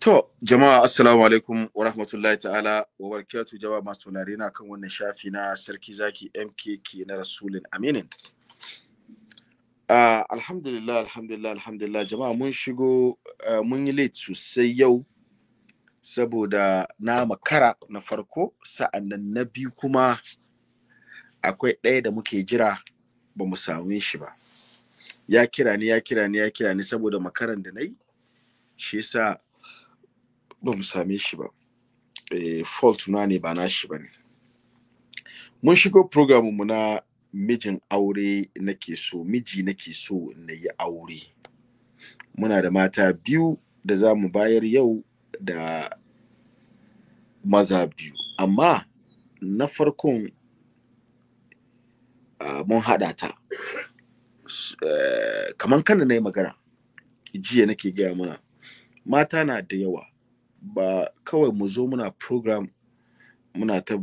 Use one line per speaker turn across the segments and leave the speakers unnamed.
To, jama'a assalamu alaikum wa rahmatullahi ta'ala wa barkatu jama'a masu tunare na kan wannan shafi na sarki zaki MKK na rasulin Aminin. Uh, alhamdulillah, alhamdulillah, alhamdulillah jama'a mun shigo uh, mun yi late sosai yau saboda na makara na farko sa'annan na biyu kuma akwai ɗaya da muke jira ba mu same shi ba. Ya kira ni, ya kira ni, ya kira ni saboda makaran da na yi, shi yasa ba mu same shi ba eh, fault na ne ba nashi ba ne mun shigo programmu mu na mijin aure nake so miji nake so na yi aure muna da mata biyu da zamu bayar yau da maza biyu amma na farkon mun haɗa ta eh, kamar kan na yi magana jiya nake gaya mana mata na da yawa ba kawai mu zo muna program muna ta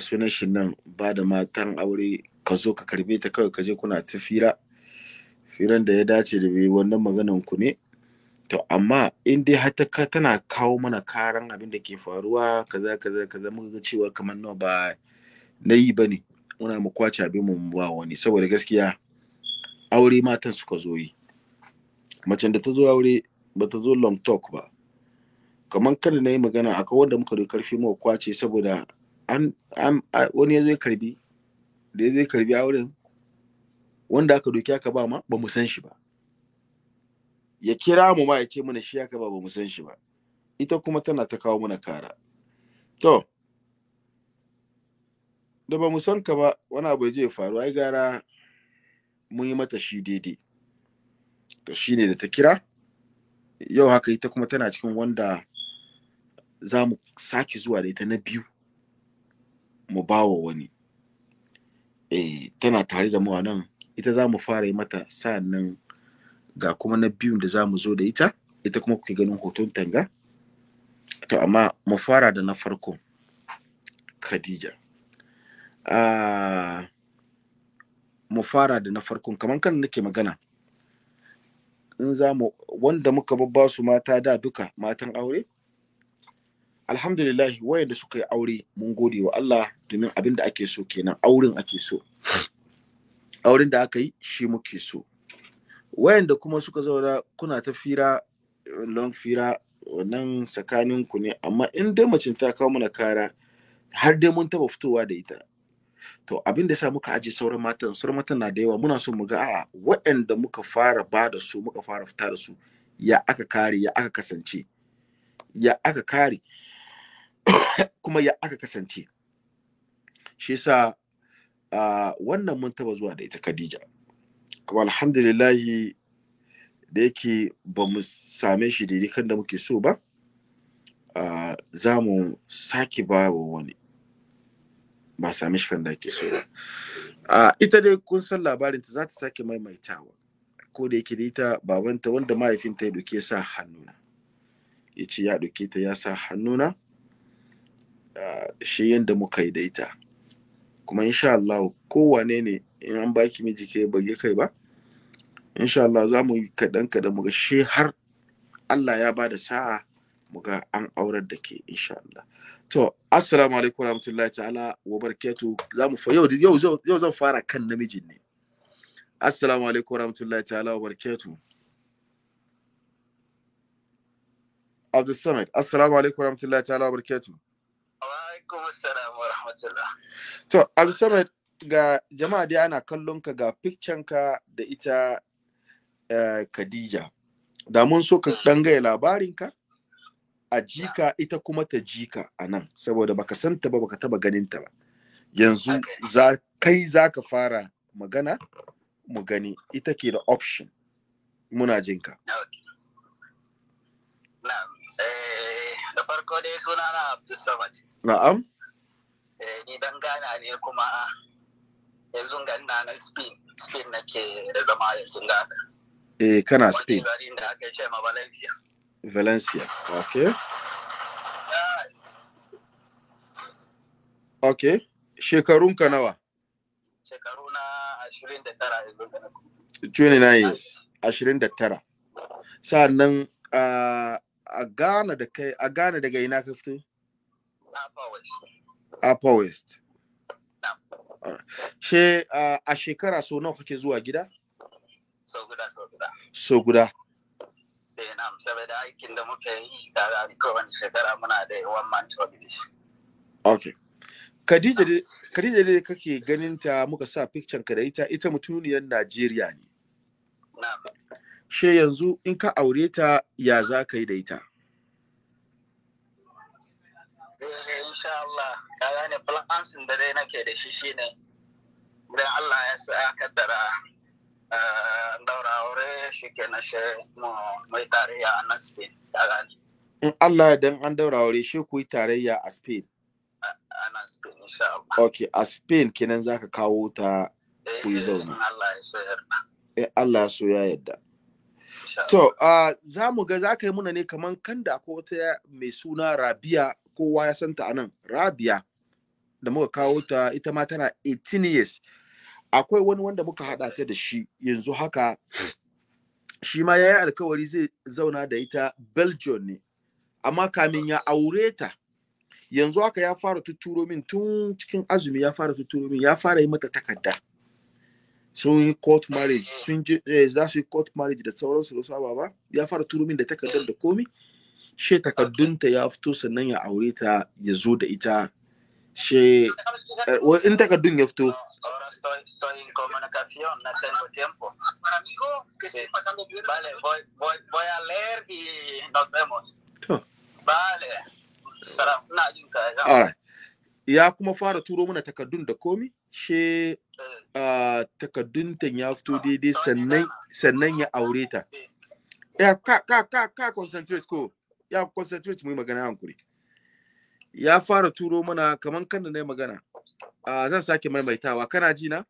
sunan eh, nan ba da matan aure ka zo ka karbe ta kawai ka je kuna ta fira firan da ya dace da bai wannan maganan ku ne to amma in dai har ta tana kawo mana karan abin da ke faruwa kaza kaza kaza muka ga cewa kamar nawa ba na yi bane muna mu kwace abin mu ba wani saboda gaskiya aure matan suka zo yi macen da ta zo aure ba ta zo long talk ba kamar kada na yi magana akwai wanda muka da karfi muka kwace saboda wani ya zai karbi da ya zai karbi a wurin wanda aka doki aka ba ma ba mu san shi ba ya kira mu ma ya ce mana shi aka ba ba mu san shi ba ita kuma tana ta kawo mana kara to da ba mu san ka ba wani abu zai faru ai gara mun yi mata shi daidai to shine da ta kira yau haka ita kuma tana cikin wanda za mu sake zuwa da ita na biyu mu bawa wani eh tana tare da mu a nan ita za mu fara yi mata sa'annan ga kuma na biyun da za mu zo da ita ita kuma kuke ganin hoton tanga to amma mu fara da na farko khadija ah, mu fara da na farkon kamar kan nake magana in za wanda muka babba su mata da duka matan aure alhamdulillahi wayanda suka yi aure mun gode wa Allah domin abin da ake so kenan auren ake so auren da aka yi shi muke so wayanda kuma suka zaura kuna ta fira long fira wannan tsakanin ku ne amma in dai macin ta kawo mana kara har dai mun taba fitowa da ita to abin da sa muka aje sauran matan sauran matan na da yawa muna so mu ga a'a waɗanda muka fara ba da su muka fara fita da su ya aka kare ya aka kasance ya aka kare kuma ya aka kasance shi yasa wannan mun taba zuwa da ita Khadija kuma alhamdulillahi da yake ba mu same shi daidai kan da muke so ba za mu sake ba wani ba same shi kan da ake so ba ita dai kun san ta za ta sake maimaitawa ko da yake da ita babanta wanda mahaifinta ya ɗauke sa hannuna ya ce ya ɗauke ta ya sa hannuna shi yadda muka yi daita kuma insha Allah kowane ne in an baki miji ke bage kai ba insha Allah za mu yi kaɗan kaɗan muga shi har Allah ya ba da sa'a muga an aurar da ke insha Allah to assalamu alaikum warahmatullahi ta'ala wa barakatuh za mu yau yau yau zan fara kan namijin ne assalamu alaikum warahmatullahi ta'ala wa barakatuh Abdul Samad, assalamu alaikum warahmatullahi ta'ala wa barakatuh alaikum To, Alsamet ga jama'a dai ana kallon ka ga ka da ita uh, Khadija. Da mun so ka dan gaya labarinka a jika ita kuma ta jika a nan saboda baka santa ba baka taba ganin ta ba. Yanzu za kai za ka fara magana mu gani ita ke da option muna jinka. Okay. Na'am. Eh farko dai suna na Abdul Samad. Na'am. Eh ni dan gana ne kuma yanzu ga ina nan Spain, Spain nake da zama yanzu ga. Eh kana Spain. Wani da aka ce ma Valencia. Valencia, okay. Ah. Ok, ka nawa? Shekaru na 29 da yanzu da 29 years, 29. da tara. Sa'annan ah, a Ghana da kai a Ghana daga ina ka fito? Upper West. She a shekara so nawa kake zuwa gida? So guda so guda. So guda. Vietnam eh, saboda aikin da muka yi tare da kowane shekara muna da one month holiday. Okay. Ok. Khadija dai kake ganin ta muka sa picture ka da ita ita mutuniyar Najeriya ne. Na'am. she yanzu in ka aure ta ya za ka yi da ita eh, insha Allah ka gane plan da dai nake da shi shine idan Allah ya sa kaddara eh, daura aure shi na shi mu mai tarayya a nan Spain ka gane in Allah dan an daura aure shi ku yi tarayya a Spain a nan Spain insha Allah okay a Spain kenan zaka kawo ta ku yi eh, zauna Allah ya so yarda eh Allah so ya yarda To, za mu ga za ka yi muna ne kaman kan da akwai wata mai suna Rabia kowa ya santa a nan, Rabia da muka kawo ta ita ma tana 18 years. Akwai wani wanda muka haɗa ta da shi yanzu haka shi ma ya yi alkawari zai zauna da ita Belgium ne, amma kamin ya aure ta. Yanzu haka ya fara tuturo tun cikin azumi ya fara tuturo ya fara yi mata takarda. sun yi court marriage sun je eh, za su yi court marriage da sauransu da saba ba ya fara turo min da takardar da komi she takardunta ya fito sannan ya aure ta ya zo da ita she eh, in takardun ya fito Ya kuma fara turo mana takardun da komi? she eh. takardunta ya fito ah, daidai sannan ya aure ta eh. ya ka ka ka ka concentrate ko ya concentrate mai magana hankuri ya fara turo mana kaman kan da na magana zan sake maimaitawa kana ji na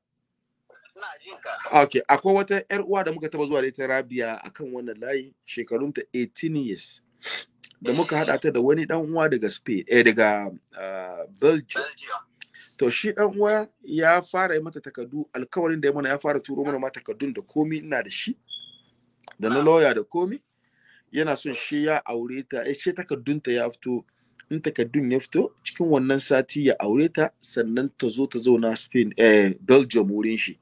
Okay, akwai wata 'yar uwa da muka taba zuwa da ita Rabia akan wannan layi Shekarun ta 18 years. Da muka eh. haɗa ta da wani ɗan uwa daga Spain, eh daga Belgium. Belgium. to shi dan uwa ya fara yi mata takardu alkawarin da ya mana ya fara turo mana ma takardun da komi ina da shi da na lawyer da komi yana son shi ya aure ta eh shi ta ya fito in takardun ya fito cikin wannan sati ya aure ta sannan ta zo ta zauna Spain eh Belgium wurin shi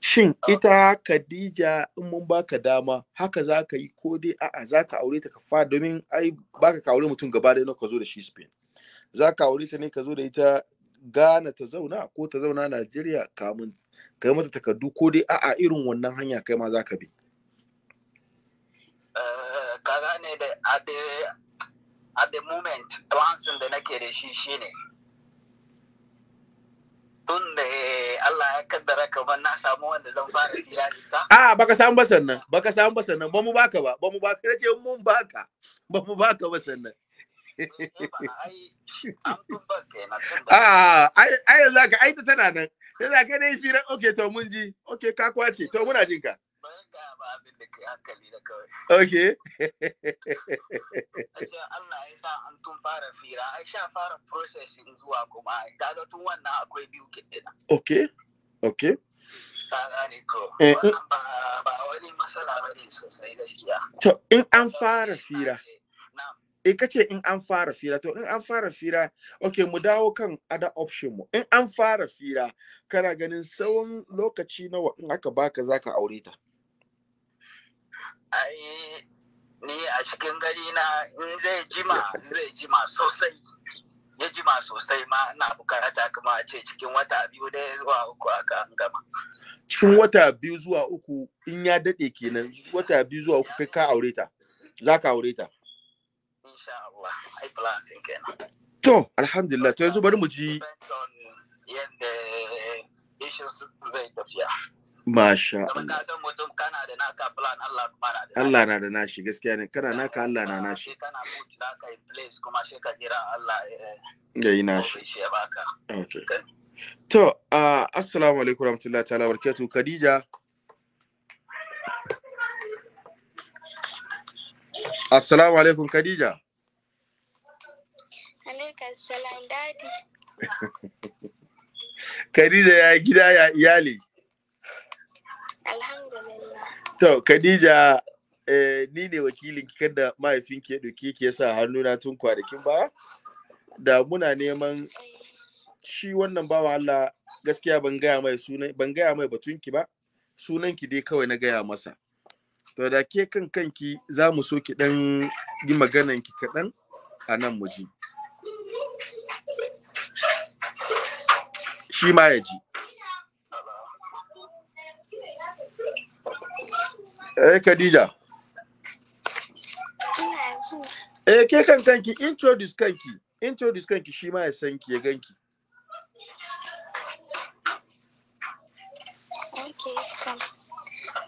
shin ita Khadija in mun baka dama haka za ka yi ko dai a'a zaka ka aure ta ka fa domin ai baka ka aure mutum gaba ɗaya ka zo da shi Spain zaka ka aure ta ne ka zo da ita Ghana ta zauna ko ta zauna Najeriya kamun kai mata takardu ko dai a'a irin wannan hanya kai ma za ka bi. Eh, ka gane da at the moment wansun da nake da shi shine tun da eh, Allah ya kaddara kamar na samu wanda zan fara biya ka. A baka samu ba sannan baka samu ba sannan ba mu baka ba ba mu baka ce mun baka ba mu baka ba sannan. A'a, ai yanzu ka ai tana nan. Sai za ka dai to mun ji. Ok ka kwace. To muna jin ka. Ok, Allah ya sa an tun fara fira, ai sha fara processing zuwa kuma ga tun wannan akwai biyu kiɗina. Eh, eh. Ba wani masala bane sosai gaskiya. To in an fara fira. Eh, e eh, kace in an fara fira to in an fara fira okay mu dawo kan other option mu in an fara fira kana ganin tsawon lokaci nawa in aka baka zaka aure ta ai ni a cikin gari na in zai jima zai jima sosai ya jima sosai ma ina bukata kuma a ce cikin wata biyu da zuwa uku aka an gama cikin wata biyu zuwa uku in ya dade kenan wata biyu zuwa uku kai ka aure ta zaka aure ta to alhamdulillah to yanzu bari mu ji yadda issues zai tafiya Masha Allah. san Allah na da nashi gaskiya ne kana naka Allah na nashi. naka Allah ya yi nashi. Ya baka. Okay. To, uh, assalamu alaikum rahmatullahi ta'ala barkatu Khadija. Assalamu alaikum Khadija. Khadija ya gida ya iyali. Alhamdulillah. To Khadija eh, ni ne wakilin kan da mahaifinki ya ɗauki ki yasa hannuna tun kwanakin ba? Da muna neman shi wannan bawa Allah gaskiya ban gaya mai sunan ban gaya mai batunki ba sunanki dai kawai na gaya masa. To da ke kan kanki za mu so ki ɗan yi maganan ki kaɗan a nan mu ji. shi ma ya ji eh Khadija eh ke kan kanki introduce kanki introduce kanki shi ma ya san ki ya ganki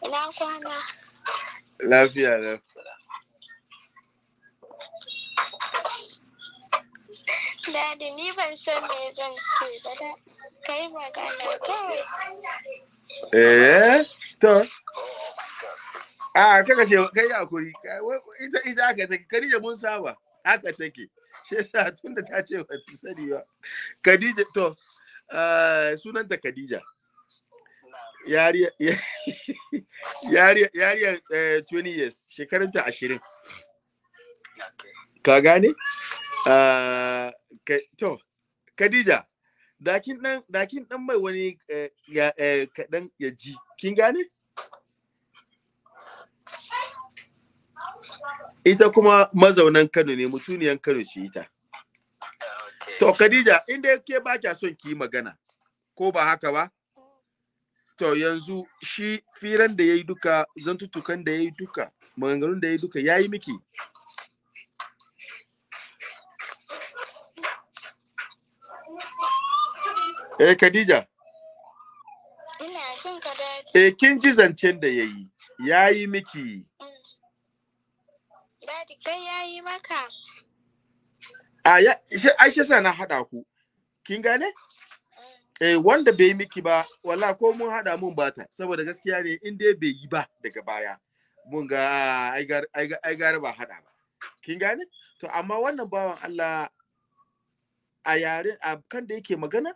Ina kwana. Lafiya na. Dadi ni ban san me zan ce ba da. kai magana kawai. Eh, to. A kaka ce kai hakuri, ita ita aka take, Khadija mun saba, haka take. Shi yasa tunda ta ce ba ta sani ba. Khadija to, sunanta Khadija. Yariya yariya 20 eh, years, shekarunta 20. Ka gane? to, Khadija, dakin dan mai wani eh, ya eh, kadan ya ji kin gane ita kuma mazaunan Kano ne mutuniyan Kano shi ita to Khadija inda ke ba kya son ki magana ko ba haka ba to yanzu shi firan da yayi duka zantutukan da yayi duka maganganun da yayi duka yi miki Eh Khadija. Ina jin ka Eh kin ji zancen da yayi. Yayi miki. Mm. Dadi kai yayi maka. A ya ai shi na hada ku. Kin gane? Mm. Eh wanda bai miki ba wallahi ko mun hada mun bata saboda gaskiya ne in dai bai yi ba daga baya. Mun ga ai ga ba hada ba. Kin gane? To amma wannan bawan Allah a yaren a kan da yake magana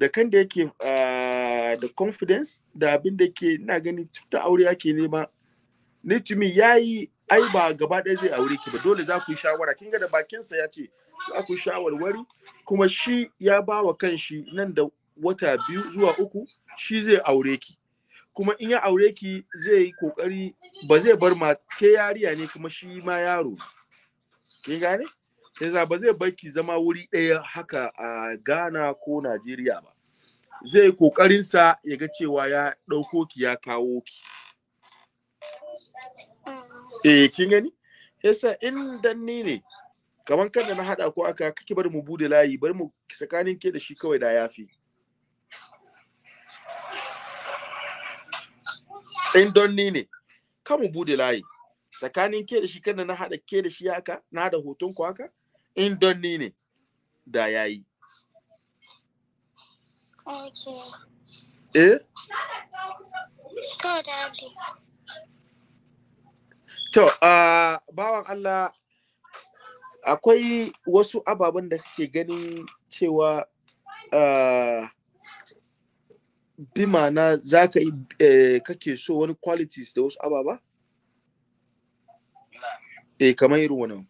da kan da yake ah, da confidence da abin da ke ina gani tun da aure ake nema ni tumi yayi ai ba gaba ɗaya zai aure ki ba dole za ku yi shawara kin ga da bakinsa ya ce za ku yi shawarwari kuma shi ya ba wa kan shi nan da wata biyu zuwa uku shi zai aure ki kuma in ya aure ki zai yi kokari ba zai bar ma ke yariya ne kuma shi ma yaro kin gane yasa ba zai baki zama wuri ɗaya haka a Ghana ko Najeriya ba zai kokarin sa ya ga cewa ya ɗauko ki ya kawo ki eh kin gani yasa in ni ne kaman kada na hada ko aka kake bar mu bude layi bar mu tsakanin ke da shi kawai da yafi in ni ne ka mu bude layi tsakanin ke da shi kanda na hada ke da shi haka na da hoton ku haka in don ni ne da ya yi eh to dadi to a bawan Allah akwai wasu ababen da kake ganin cewa uh, bi ma'ana za ka yi eh, kake so wani qualities da wasu ababa? Eh, kamar irin wani.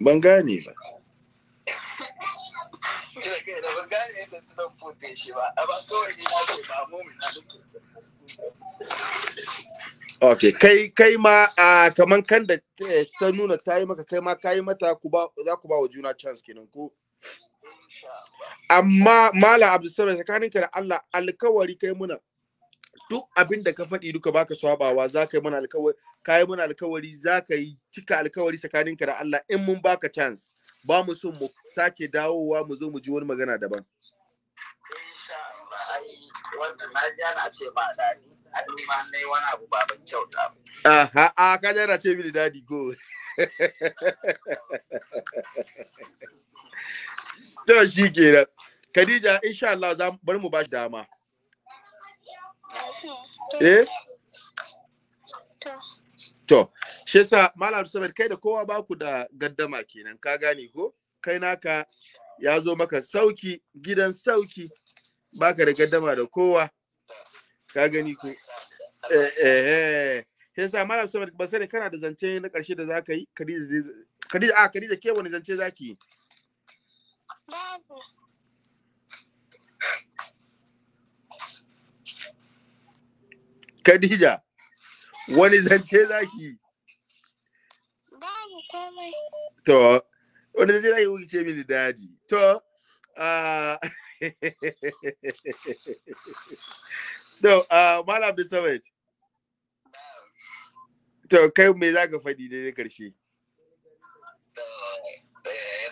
ban gane ba Ok, kai kai ma a kaman kan da ta nuna ta yi maka kai ma ka yi mata za ku ba wa juna chance kenan ko? Amma Malam sabai tsakaninka da Allah alkawari kai muna duk abin da ka faɗi duka baka swabawa za ka yi mana alkawari ka yi mana alkawari za ka yi cika alkawari tsakaninka da Allah in mun baka chance ba mu so mu sake dawowa mu zo mu ji wani magana daban wanda na ji ana ce ba daɗi a ma na wani abu ba kyauta ba. a ka ce mini daɗi go. To shi kenan. Khadija insha Allah za bar mu ba shi dama. eh to shi yasa malam samir kai da kowa baku da gaddama kenan ka gane ko kai naka ya zo maka sauki gidan sauki baka da gaddama da kowa ka gani ko eh eh, eh. yasa malam samir ba sai kana da zance na karshe da zaka yi kadija kadi a ah, da ke wani zance zaki yi babu Khadija, wani zance za ki? Babu komai. To, wani zance za ki kuke ce mini daji. To, ah, to, ah, Malam Abdulsamad. To, kai me za ka faɗi daidai ya eh,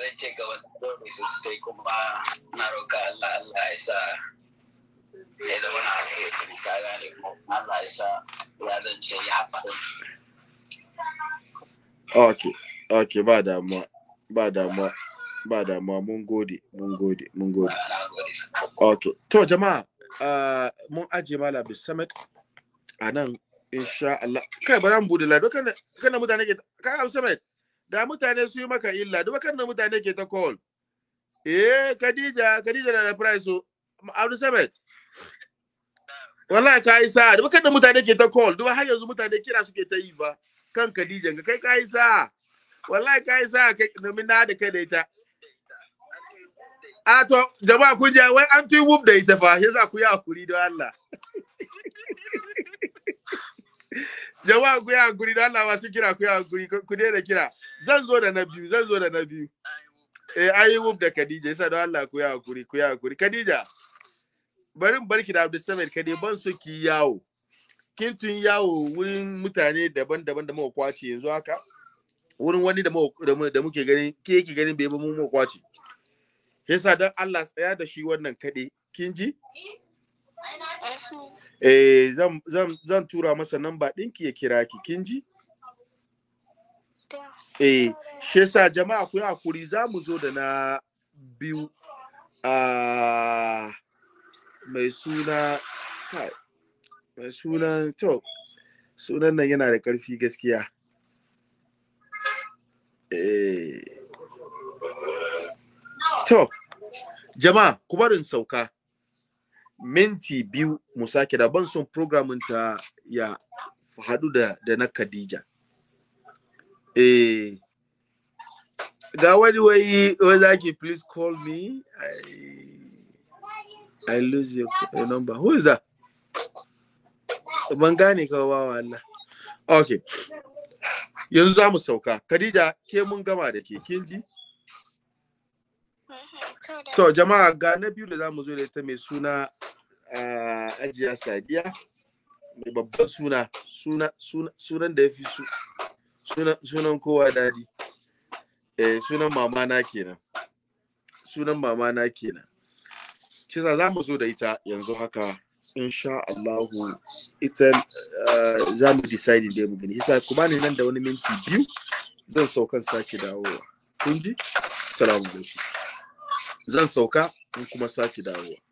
Zan ce ga wani su sai kuma na roƙa Allah Allah ya sa ne na ya ka gane ko Allah ya sa ya ya Ok, ok, ba damuwa, ba damuwa, ba damuwa, mun gode, mun gode, mun gode. Ok, to jama'a, ah, mun ajiye mala bisamet a nan insha Allah. Kai ba za mu bude da mutane ke, da mutane su yi maka illa, da mutane ke eh, da wallahi ka yi sa'a da kada mutane ke ta call duk har yanzu mutane kira suke ta yi ba kan Khadija. ka kai ka yi sa'a wallahi ka yi sa'a kai domin na da kai da ita a to jama'a kun ji wai an tuyi wuf da ita fa yasa ku yi hakuri don Allah jama'a ku yi hakuri don Allah masu kira ku yi hakuri ku da kira zan zo da na biyu zan zo da na biyu eh ayi wuf da Khadija yasa don Allah ku yi hakuri ku yi hakuri Khadija Barin barki da Abdul samir kade ban so ki yawo kin tun yawo wurin mutane daban-daban da muka kwace yanzu haka wurin wani da da muke ganin ke yake gani bai ba mu muka kwace yasa dan Allah tsaya da shi wannan kade kin ji eh zan zan zan tura masa namba ɗinki ya kira ki kin ji eh shi yasa jama'a ku yi hakuri za mu zo da na biyu ah mai suna mai sunan to sunan nan yana da ƙarfi gaskiya eh. to jama'a ku barin sauka minti biyu mu sake da ban son programin ta ya haɗu da, da na Khadija. E. ga wani wai wai zaki please call me. I... I lose your, your number. Who is that? Ban gane ka wa Allah. Okay. Yanzu za mu sauka. Khadija, ke mun gama da ke kin ji? To jama'a ga na biyu da za mu zo da ita mai suna Ajiya Sadiya. Mai babban suna, sunan da ya fi sunan kowa dadi. Eh, sunan mama na kenan. Sunan mama na kenan. kisa za mu zo da ita yanzu haka insha Allahu ita eh, za mu decide da mu gani kisa ku bani nan da wani minti biyu zan sauka sake dawowa kun ji salamu alaikum zan sauka in kuma sake dawowa